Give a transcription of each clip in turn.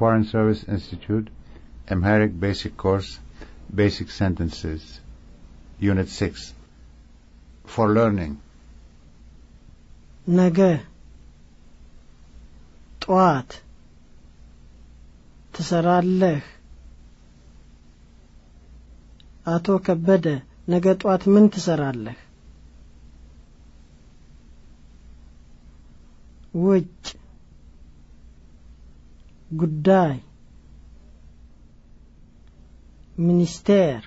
Foreign Service Institute Amharic Basic Course Basic Sentences Unit 6 For Learning ነገ ጠዋት ትሰራለህ? አቶ ከበደ ነገ ጠዋት ምን ትሰራለህ? ውጭ ጉዳይ ሚኒስቴር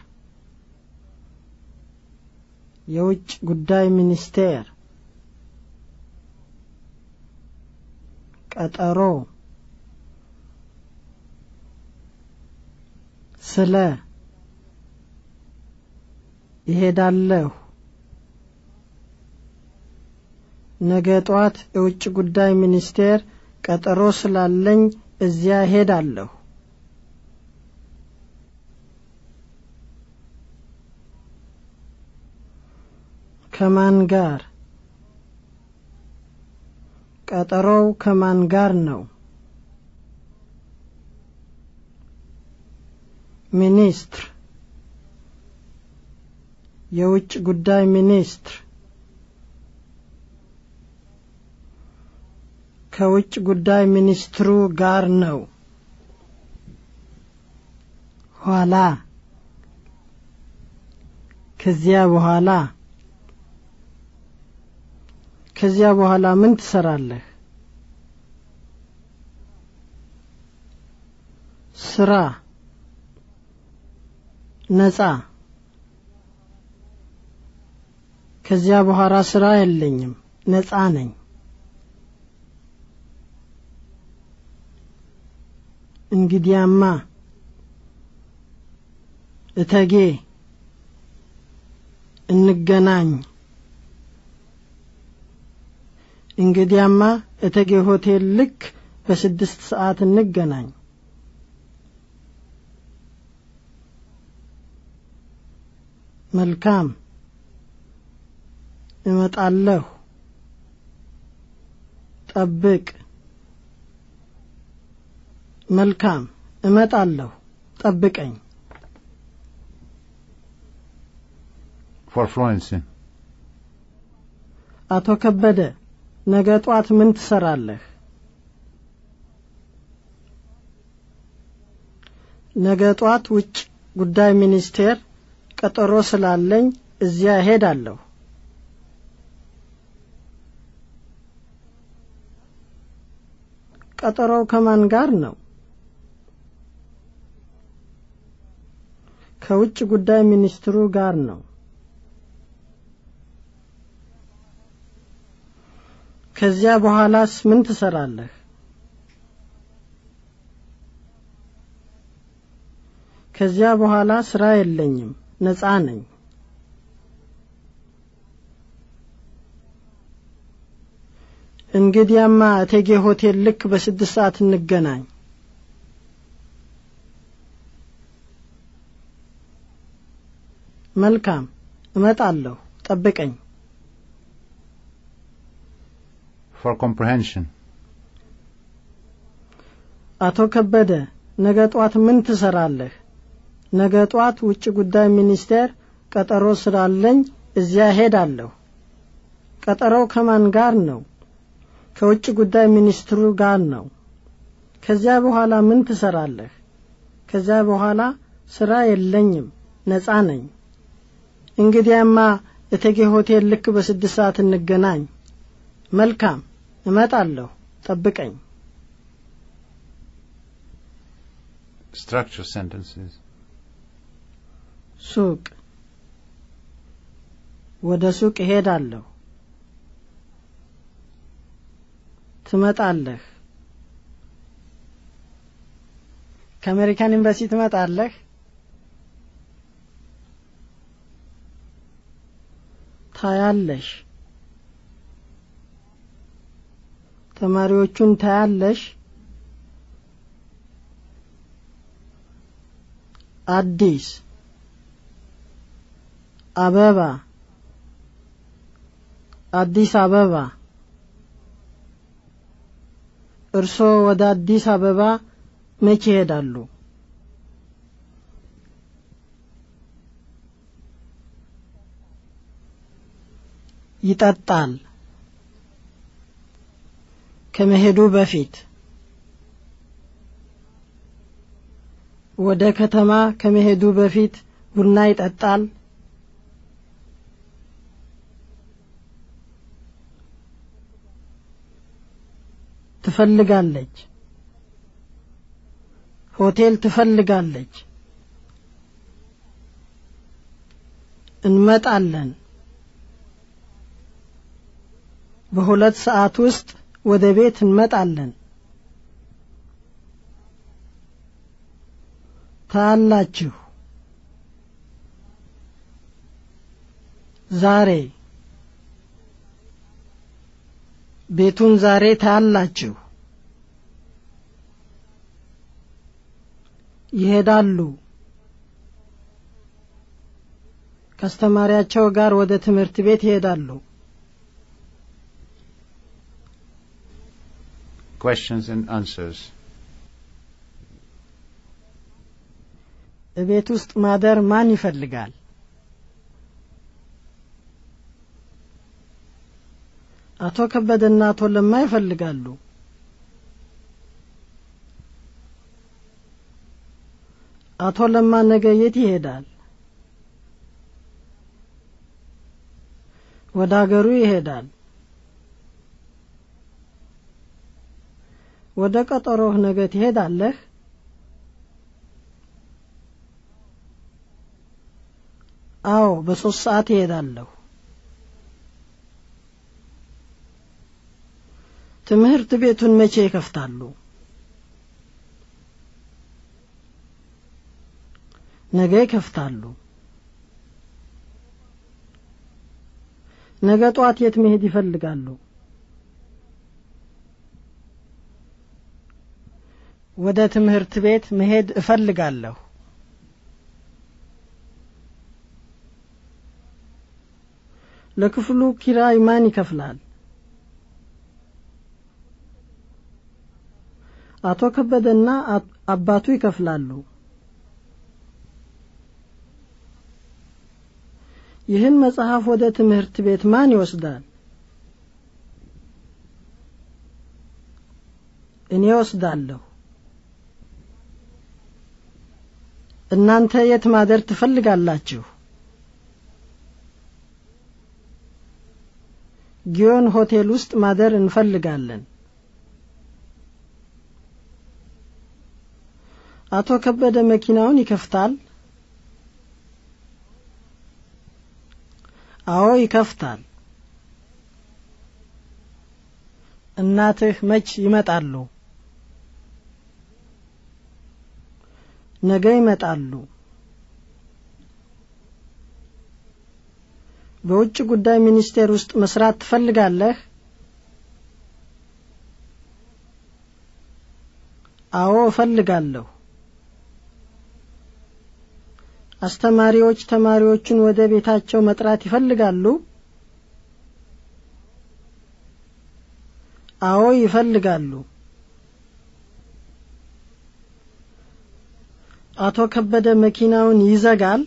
የውጭ ጉዳይ ሚኒስቴር ቀጠሮ ስለ ይሄዳለሁ ነገ ጧት የውጭ ጉዳይ ሚኒስቴር ቀጠሮ ስላለኝ እዚያ ሄዳለሁ። ከማን ጋር? ቀጠሮው ከማን ጋር ነው? ሚኒስትር የውጭ ጉዳይ ሚኒስትር ከውጭ ጉዳይ ሚኒስትሩ ጋር ነው። ኋላ ከዚያ በኋላ ከዚያ በኋላ ምን ትሰራለህ? ስራ ነጻ ከዚያ በኋላ ስራ የለኝም፣ ነጻ ነኝ። እንግዲያማ እተጌ እንገናኝ። እንግዲያማ እተጌ ሆቴል ልክ በስድስት ሰዓት እንገናኝ። መልካም እመጣለሁ። ጠብቅ። መልካም እመጣለሁ፣ ጠብቀኝ። ፎር አቶ ከበደ ነገ ጧት ምን ትሰራለህ? ነገ ጧት ውጭ ጉዳይ ሚኒስቴር ቀጠሮ ስላለኝ እዚያ እሄዳለሁ። ቀጠሮው ከማን ጋር ነው? ከውጭ ጉዳይ ሚኒስትሩ ጋር ነው። ከዚያ በኋላስ ምን ትሰራለህ? ከዚያ በኋላ ስራ የለኝም፣ ነጻ ነኝ። እንግዲያማ እቴጌ ሆቴል ልክ በስድስት ሰዓት እንገናኝ። መልካም፣ እመጣለሁ። ጠብቀኝ። for comprehension አቶ ከበደ ነገ ጧት ምን ትሰራለህ? ነገ ጧት ውጭ ጉዳይ ሚኒስቴር ቀጠሮ ስላለኝ እዚያ ሄዳለሁ። ቀጠሮው ከማን ጋር ነው? ከውጭ ጉዳይ ሚኒስትሩ ጋር ነው። ከዚያ በኋላ ምን ትሰራለህ? ከዚያ በኋላ ስራ የለኝም፣ ነጻ ነኝ። እንግዲያማ እቴጌ ሆቴል ልክ በስድስት ሰዓት እንገናኝ። መልካም፣ እመጣለሁ። ጠብቀኝ። ሱቅ ወደ ሱቅ እሄዳለሁ። ትመጣለህ። ከአሜሪካን ኤምባሲ ትመጣለህ? ታያለሽ ተማሪዎቹን ታያለሽ አዲስ አበባ አዲስ አበባ እርሶ ወደ አዲስ አበባ መቼ ይሄዳሉ ይጠጣል። ከመሄዱ በፊት ወደ ከተማ ከመሄዱ በፊት ቡና ይጠጣል። ትፈልጋለች። ሆቴል ትፈልጋለች። እንመጣለን። በሁለት ሰዓት ውስጥ ወደ ቤት እንመጣለን ታላችሁ ዛሬ ቤቱን ዛሬ ታያላችሁ ይሄዳሉ ከአስተማሪያቸው ጋር ወደ ትምህርት ቤት ይሄዳሉ questions and answers. ቤት ውስጥ ማደር ማን ይፈልጋል? አቶ ከበደና አቶ ለማ ይፈልጋሉ። አቶ ለማ ነገ የት ይሄዳል? ወደ አገሩ ይሄዳል። ወደ ቀጠሮህ ነገ ትሄዳለህ አዎ በሶስት ሰዓት እሄዳለሁ ትምህርት ቤቱን መቼ ይከፍታሉ ነገ ይከፍታሉ ነገ ጧት የት መሄድ ይፈልጋሉ ወደ ትምህርት ቤት መሄድ እፈልጋለሁ። ለክፍሉ ኪራይ ማን ይከፍላል? አቶ ከበደና አባቱ ይከፍላሉ። ይህን መጽሐፍ ወደ ትምህርት ቤት ማን ይወስዳል? እኔ እወስዳለሁ። እናንተ የት ማደር ትፈልጋላችሁ? ጊዮን ሆቴል ውስጥ ማደር እንፈልጋለን። አቶ ከበደ መኪናውን ይከፍታል? አዎ ይከፍታል። እናትህ መች ይመጣሉ? ነገ ይመጣሉ። በውጭ ጉዳይ ሚኒስቴር ውስጥ መስራት ትፈልጋለህ? አዎ እፈልጋለሁ። አስተማሪዎች ተማሪዎቹን ወደ ቤታቸው መጥራት ይፈልጋሉ? አዎ ይፈልጋሉ። አቶ ከበደ መኪናውን ይዘጋል?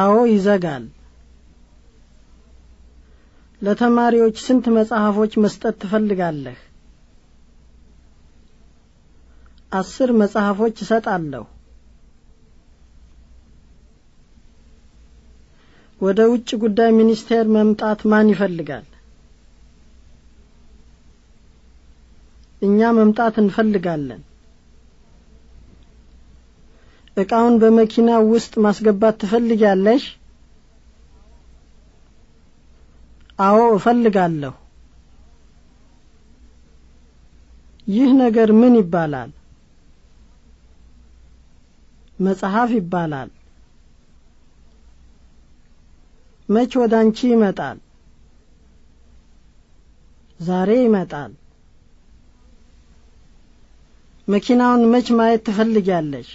አዎ ይዘጋል። ለተማሪዎች ስንት መጽሐፎች መስጠት ትፈልጋለህ? አስር መጽሐፎች እሰጣለሁ። ወደ ውጭ ጉዳይ ሚኒስቴር መምጣት ማን ይፈልጋል? እኛ መምጣት እንፈልጋለን። እቃውን በመኪና ውስጥ ማስገባት ትፈልጊያለሽ? አዎ እፈልጋለሁ። ይህ ነገር ምን ይባላል? መጽሐፍ ይባላል። መች ወደ አንቺ ይመጣል? ዛሬ ይመጣል። መኪናውን መች ማየት ትፈልጊያለሽ?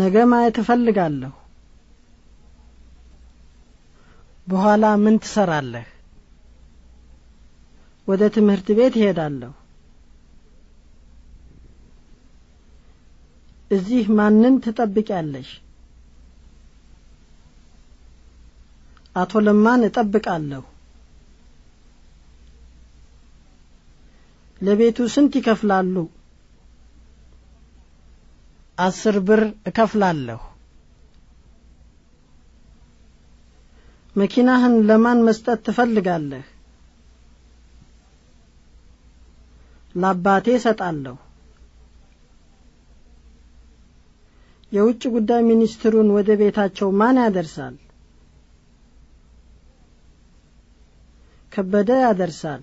ነገ ማየት እፈልጋለሁ። በኋላ ምን ትሰራለህ? ወደ ትምህርት ቤት እሄዳለሁ። እዚህ ማንን ትጠብቂያለሽ? አቶ ለማን እጠብቃለሁ። ለቤቱ ስንት ይከፍላሉ? አስር ብር እከፍላለሁ። መኪናህን ለማን መስጠት ትፈልጋለህ? ለአባቴ እሰጣለሁ። የውጭ ጉዳይ ሚኒስትሩን ወደ ቤታቸው ማን ያደርሳል? ከበደ ያደርሳል።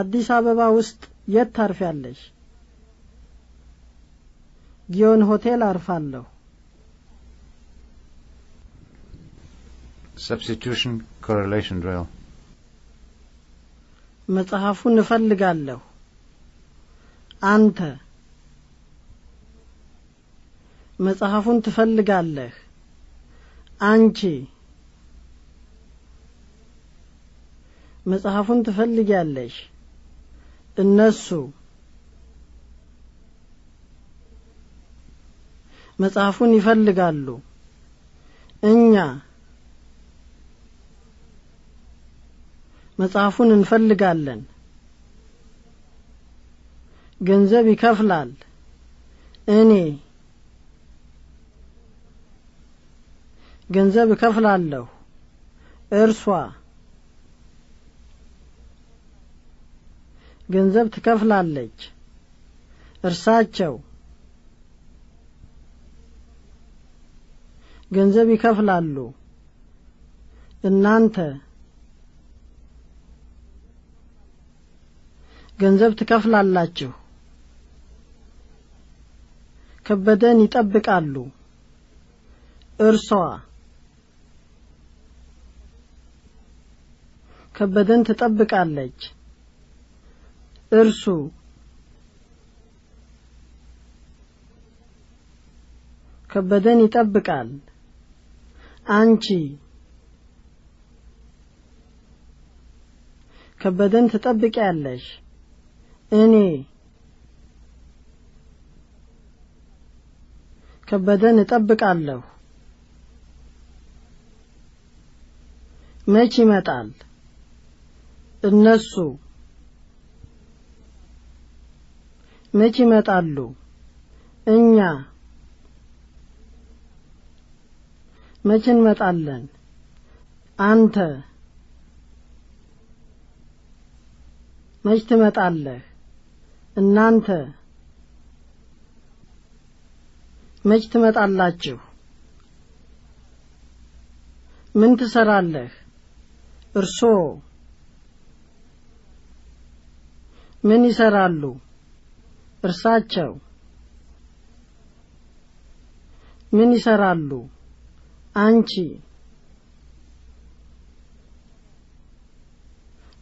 አዲስ አበባ ውስጥ የት ታርፊያለሽ? ጊዮን ሆቴል አርፋለሁ። ሰብስቲቱሽን ኮሬሌሽን ድሪል መጽሐፉን እፈልጋለሁ። አንተ መጽሐፉን ትፈልጋለህ። አንቺ መጽሐፉን ትፈልጊያለሽ። እነሱ መጽሐፉን ይፈልጋሉ እኛ መጽሐፉን እንፈልጋለን ገንዘብ ይከፍላል እኔ ገንዘብ እከፍላለሁ እርሷ ገንዘብ ትከፍላለች። እርሳቸው ገንዘብ ይከፍላሉ። እናንተ ገንዘብ ትከፍላላችሁ። ከበደን ይጠብቃሉ። እርሷ ከበደን ትጠብቃለች። እርሱ ከበደን ይጠብቃል። አንቺ ከበደን ትጠብቂያለሽ። እኔ ከበደን እጠብቃለሁ። መች ይመጣል? እነሱ መች ይመጣሉ? እኛ መች እንመጣለን? አንተ መች ትመጣለህ? እናንተ መች ትመጣላችሁ? ምን ትሰራለህ? እርሶ ምን ይሰራሉ? እርሳቸው ምን ይሰራሉ አንቺ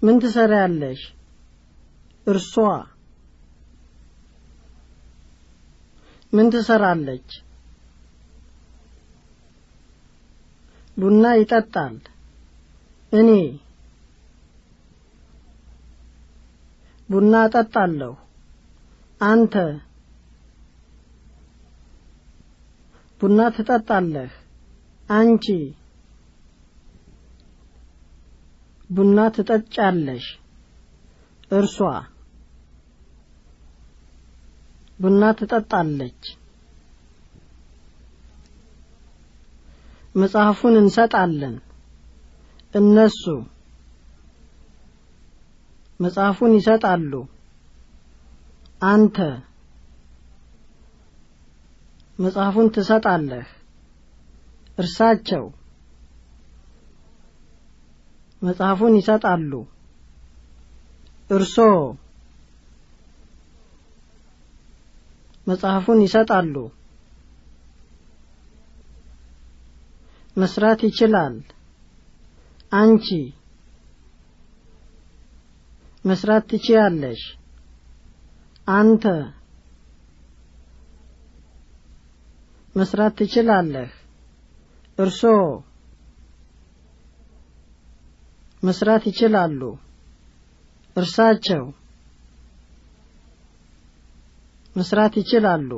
ምን ትሰሪያለሽ እርሷ ምን ትሰራለች ቡና ይጠጣል እኔ ቡና እጠጣለሁ አንተ ቡና ትጠጣለህ አንቺ ቡና ትጠጫለሽ እርሷ ቡና ትጠጣለች መጽሐፉን እንሰጣለን እነሱ መጽሐፉን ይሰጣሉ አንተ መጽሐፉን ትሰጣለህ እርሳቸው መጽሐፉን ይሰጣሉ እርሶ መጽሐፉን ይሰጣሉ መስራት ይችላል አንቺ መስራት ትችያለሽ አንተ መስራት ትችላለህ። እርሶ መስራት ይችላሉ። እርሳቸው መስራት ይችላሉ።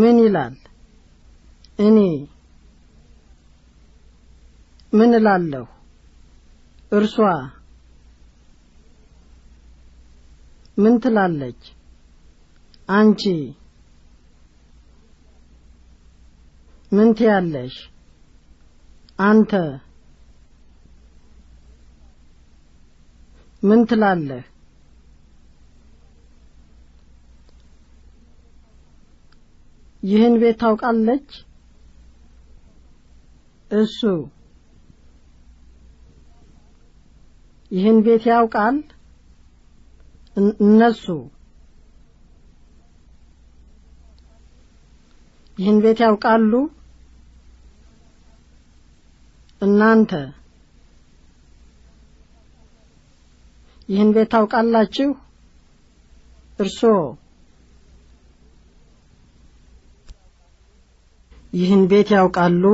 ምን ይላል? እኔ ምን እላለሁ? እርሷ ምን ትላለች? አንቺ ምን ትያለሽ? አንተ ምን ትላለህ? ይህን ቤት ታውቃለች? እሱ ይህን ቤት ያውቃል? እነሱ ይህን ቤት ያውቃሉ እናንተ ይህን ቤት ታውቃላችሁ እርስዎ ይህን ቤት ያውቃሉ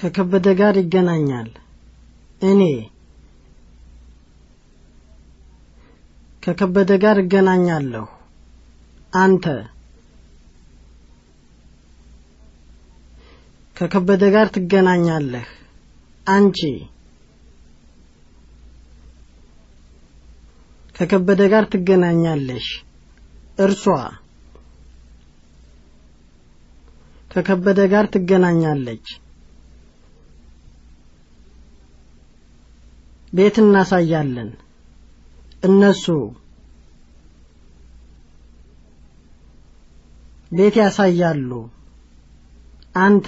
ከከበደ ጋር ይገናኛል እኔ ከከበደ ጋር እገናኛለሁ። አንተ ከከበደ ጋር ትገናኛለህ። አንቺ ከከበደ ጋር ትገናኛለሽ። እርሷ ከከበደ ጋር ትገናኛለች። ቤት እናሳያለን። እነሱ ቤት ያሳያሉ አንተ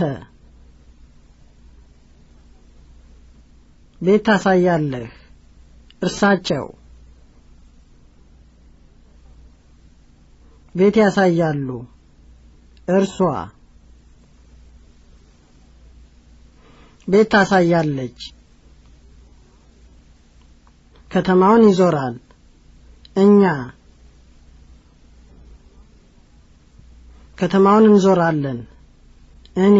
ቤት ታሳያለህ እርሳቸው ቤት ያሳያሉ እርሷ ቤት ታሳያለች ከተማውን ይዞራል እኛ ከተማውን እንዞራለን። እኔ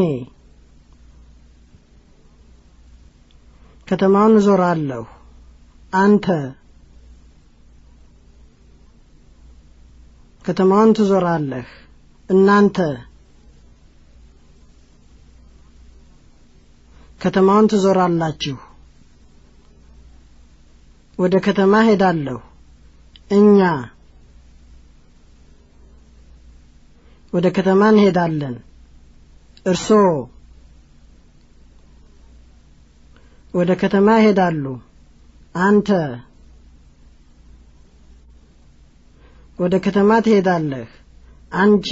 ከተማውን እዞራለሁ። አንተ ከተማውን ትዞራለህ። እናንተ ከተማውን ትዞራላችሁ። ወደ ከተማ ሄዳለሁ። እኛ ወደ ከተማ እንሄዳለን። እርሶ ወደ ከተማ ይሄዳሉ። አንተ ወደ ከተማ ትሄዳለህ። አንቺ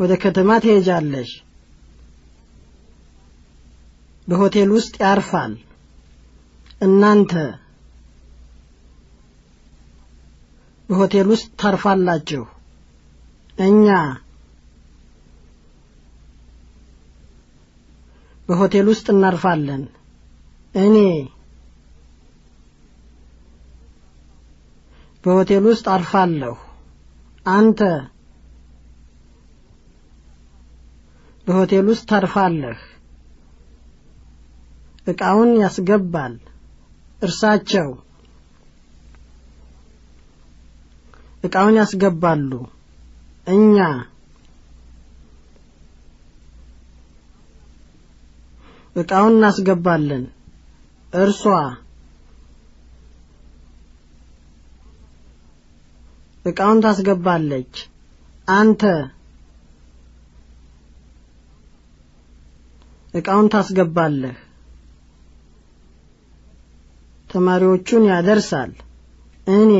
ወደ ከተማ ትሄጃለሽ። በሆቴል ውስጥ ያርፋል። እናንተ በሆቴል ውስጥ ታርፋላችሁ። እኛ በሆቴል ውስጥ እናርፋለን። እኔ በሆቴል ውስጥ አርፋለሁ። አንተ በሆቴል ውስጥ ታርፋለህ። ዕቃውን ያስገባል። እርሳቸው እቃውን ያስገባሉ እኛ እቃውን እናስገባለን እርሷ እቃውን ታስገባለች አንተ እቃውን ታስገባለህ ተማሪዎቹን ያደርሳል እኔ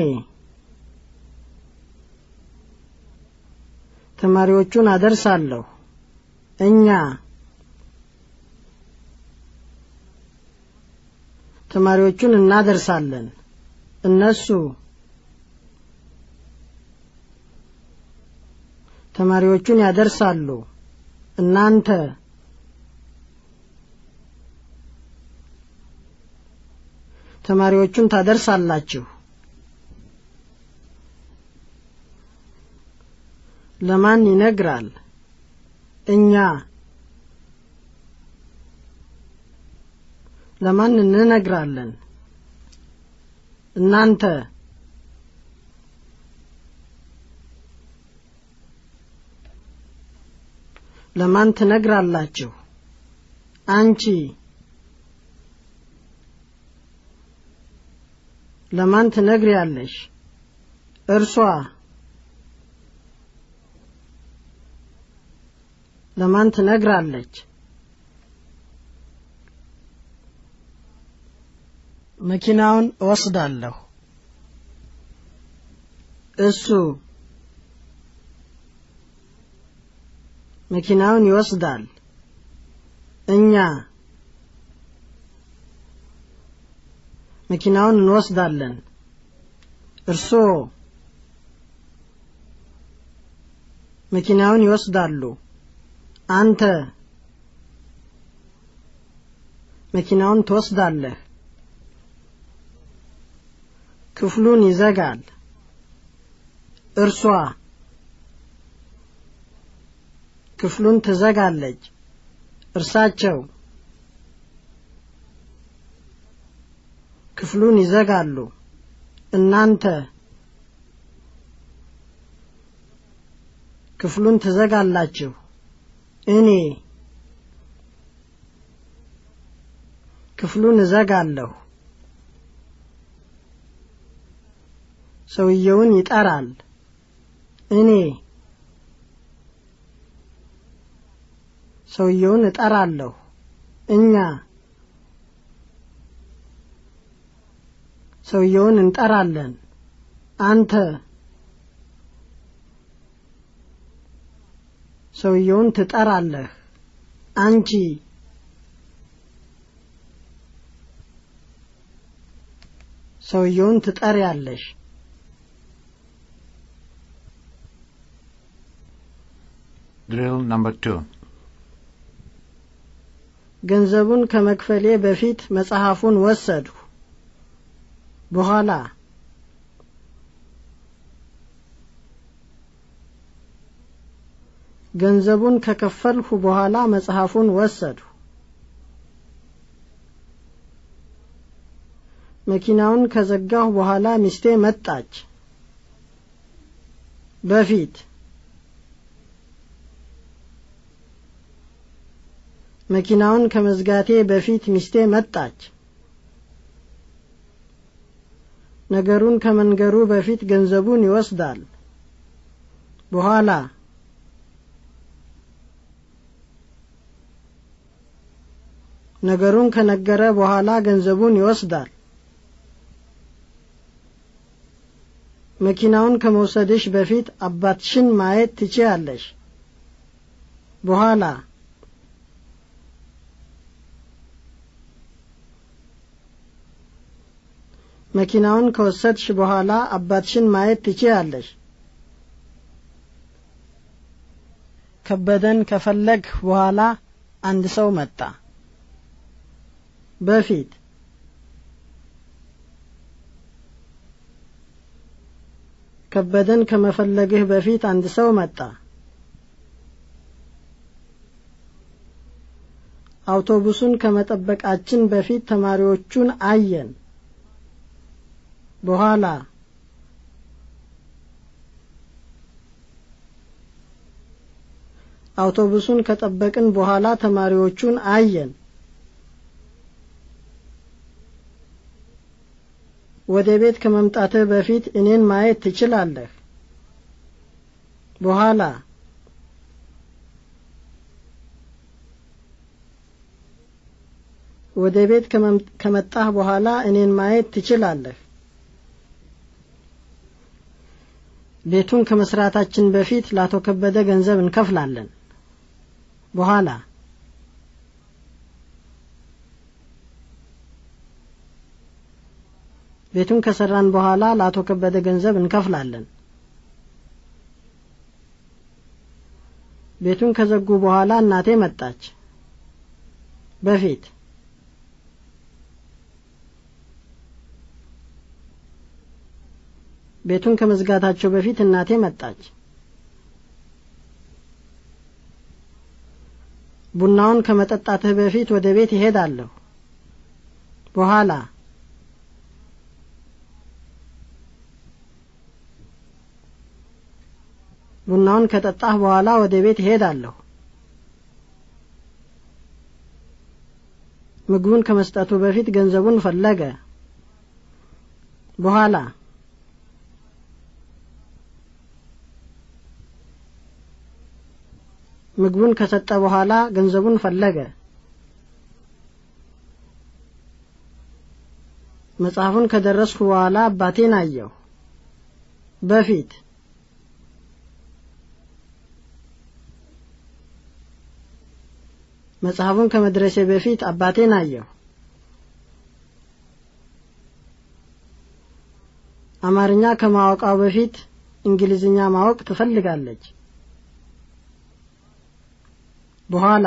ተማሪዎቹን አደርሳለሁ እኛ ተማሪዎቹን እናደርሳለን እነሱ ተማሪዎቹን ያደርሳሉ እናንተ ተማሪዎቹን ታደርሳላችሁ። ለማን ይነግራል? እኛ። ለማን እንነግራለን? እናንተ። ለማን ትነግራላችሁ? አንቺ ለማን ትነግሪያለሽ? እርሷ ለማን ትነግራለች? መኪናውን እወስዳለሁ። እሱ መኪናውን ይወስዳል። እኛ መኪናውን እንወስዳለን እርስዎ መኪናውን ይወስዳሉ አንተ መኪናውን ትወስዳለህ ክፍሉን ይዘጋል እርሷ ክፍሉን ትዘጋለች እርሳቸው ክፍሉን ይዘጋሉ እናንተ ክፍሉን ትዘጋላችሁ እኔ ክፍሉን እዘጋለሁ ሰውየውን ይጠራል እኔ ሰውየውን እጠራለሁ እኛ ሰውየውን እንጠራለን። አንተ ሰውየውን ትጠራለህ። አንቺ ሰውየውን ትጠሪያለሽ። ድሪል ነምበር ቱ ገንዘቡን ከመክፈሌ በፊት መጽሐፉን ወሰድሁ። በኋላ ገንዘቡን ከከፈልሁ በኋላ መጽሐፉን ወሰዱ። መኪናውን ከዘጋሁ በኋላ ሚስቴ መጣች። በፊት መኪናውን ከመዝጋቴ በፊት ሚስቴ መጣች። ነገሩን ከመንገሩ በፊት ገንዘቡን ይወስዳል። በኋላ ነገሩን ከነገረ በኋላ ገንዘቡን ይወስዳል። መኪናውን ከመውሰድሽ በፊት አባትሽን ማየት ትችያለሽ። በኋላ መኪናውን ከወሰድሽ በኋላ አባትሽን ማየት ትችያለሽ። ከበደን ከፈለግህ በኋላ አንድ ሰው መጣ። በፊት ከበደን ከመፈለግህ በፊት አንድ ሰው መጣ። አውቶቡሱን ከመጠበቃችን በፊት ተማሪዎቹን አየን። በኋላ አውቶቡሱን ከጠበቅን በኋላ ተማሪዎቹን አየን። ወደ ቤት ከመምጣትህ በፊት እኔን ማየት ትችላለህ። በኋላ ወደ ቤት ከመጣህ በኋላ እኔን ማየት ትችላለህ። ቤቱን ከመስራታችን በፊት ላቶ ከበደ ገንዘብ እንከፍላለን። በኋላ ቤቱን ከሰራን በኋላ ለአቶ ከበደ ገንዘብ እንከፍላለን። ቤቱን ከዘጉ በኋላ እናቴ መጣች። በፊት ቤቱን ከመዝጋታቸው በፊት እናቴ መጣች። ቡናውን ከመጠጣትህ በፊት ወደ ቤት ይሄዳለሁ። በኋላ ቡናውን ከጠጣህ በኋላ ወደ ቤት ይሄዳለሁ። ምግቡን ከመስጠቱ በፊት ገንዘቡን ፈለገ። በኋላ ምግቡን ከሰጠ በኋላ ገንዘቡን ፈለገ። መጽሐፉን ከደረስኩ በኋላ አባቴን አየሁ። በፊት መጽሐፉን ከመድረሴ በፊት አባቴን አየሁ። አማርኛ ከማወቃው በፊት እንግሊዝኛ ማወቅ ትፈልጋለች። በኋላ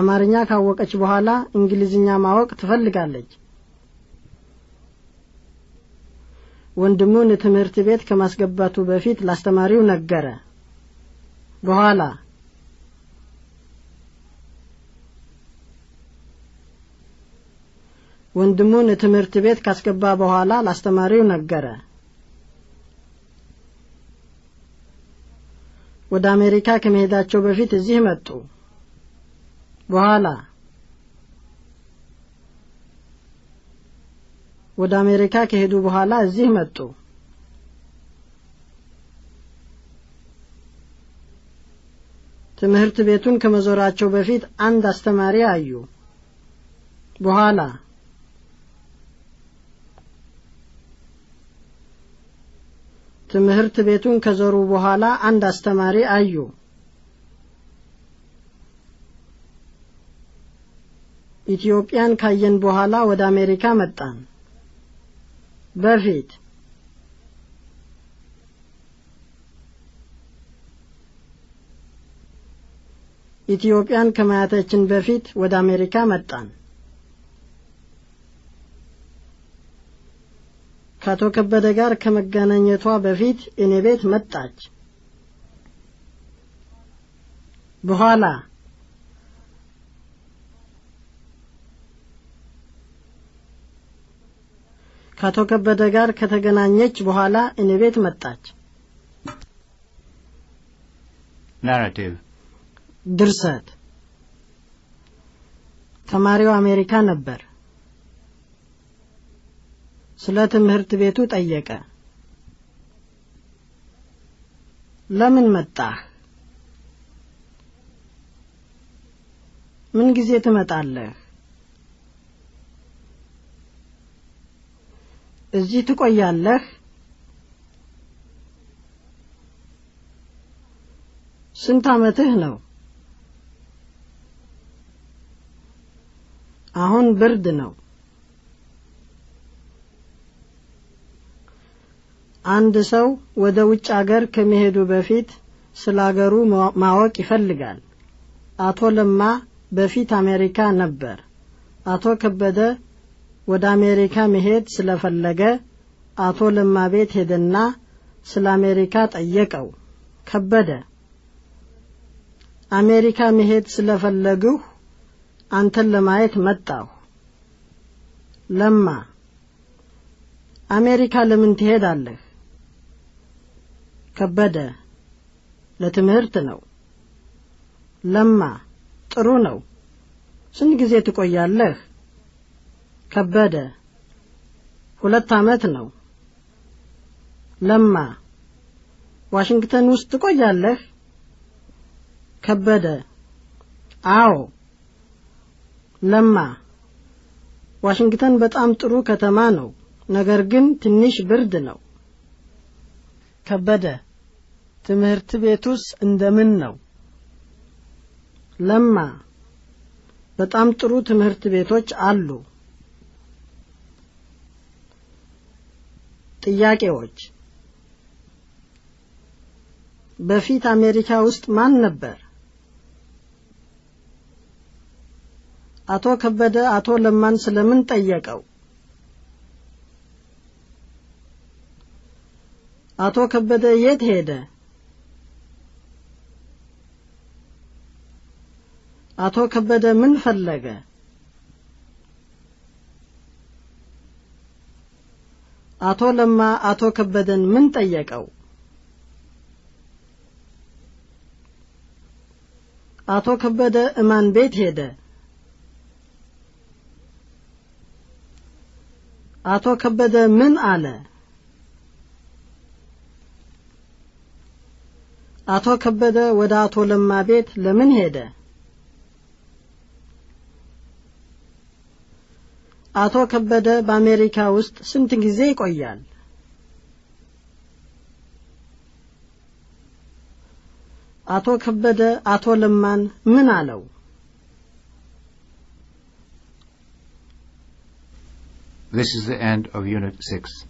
አማርኛ ካወቀች በኋላ እንግሊዝኛ ማወቅ ትፈልጋለች። ወንድሙን ትምህርት ቤት ከማስገባቱ በፊት ላስተማሪው ነገረ። በኋላ ወንድሙን ትምህርት ቤት ካስገባ በኋላ ላስተማሪው ነገረ። ወደ አሜሪካ ከመሄዳቸው በፊት እዚህ መጡ። በኋላ ወደ አሜሪካ ከሄዱ በኋላ እዚህ መጡ። ትምህርት ቤቱን ከመዞራቸው በፊት አንድ አስተማሪ አዩ። በኋላ ትምህርት ቤቱን ከዘሩ በኋላ አንድ አስተማሪ አዩ። ኢትዮጵያን ካየን በኋላ ወደ አሜሪካ መጣን። በፊት ኢትዮጵያን ከማየታችን በፊት ወደ አሜሪካ መጣን። ከአቶ ከበደ ጋር ከመገናኘቷ በፊት እኔ ቤት መጣች። በኋላ ከአቶ ከበደ ጋር ከተገናኘች በኋላ እኔ ቤት መጣች። ናራቲቭ ድርሰት ተማሪው አሜሪካ ነበር። ስለ ትምህርት ቤቱ ጠየቀ። ለምን መጣህ? ምን ጊዜ ትመጣለህ? እዚህ ትቆያለህ? ስንት ዓመትህ ነው? አሁን ብርድ ነው። አንድ ሰው ወደ ውጭ አገር ከመሄዱ በፊት ስለ አገሩ ማወቅ ይፈልጋል። አቶ ለማ በፊት አሜሪካ ነበር። አቶ ከበደ ወደ አሜሪካ መሄድ ስለፈለገ አቶ ለማ ቤት ሄደና ስለ አሜሪካ ጠየቀው። ከበደ አሜሪካ መሄድ ስለፈለግሁ አንተን ለማየት መጣሁ። ለማ አሜሪካ ለምን ትሄዳለህ? ከበደ ለትምህርት ነው። ለማ ጥሩ ነው። ስንት ጊዜ ትቆያለህ? ከበደ ሁለት ዓመት ነው። ለማ ዋሽንግተን ውስጥ ትቆያለህ? ከበደ አዎ። ለማ ዋሽንግተን በጣም ጥሩ ከተማ ነው፣ ነገር ግን ትንሽ ብርድ ነው። ከበደ ትምህርት ቤቱስ እንደምን ነው? ለማ በጣም ጥሩ ትምህርት ቤቶች አሉ። ጥያቄዎች በፊት አሜሪካ ውስጥ ማን ነበር? አቶ ከበደ አቶ ለማን ስለምን ጠየቀው? አቶ ከበደ የት ሄደ? አቶ ከበደ ምን ፈለገ? አቶ ለማ አቶ ከበደን ምን ጠየቀው? አቶ ከበደ እማን ቤት ሄደ? አቶ ከበደ ምን አለ? አቶ ከበደ ወደ አቶ ለማ ቤት ለምን ሄደ? አቶ ከበደ በአሜሪካ ውስጥ ስንት ጊዜ ይቆያል? አቶ ከበደ አቶ ለማን ምን አለው? This is the end of Unit 6.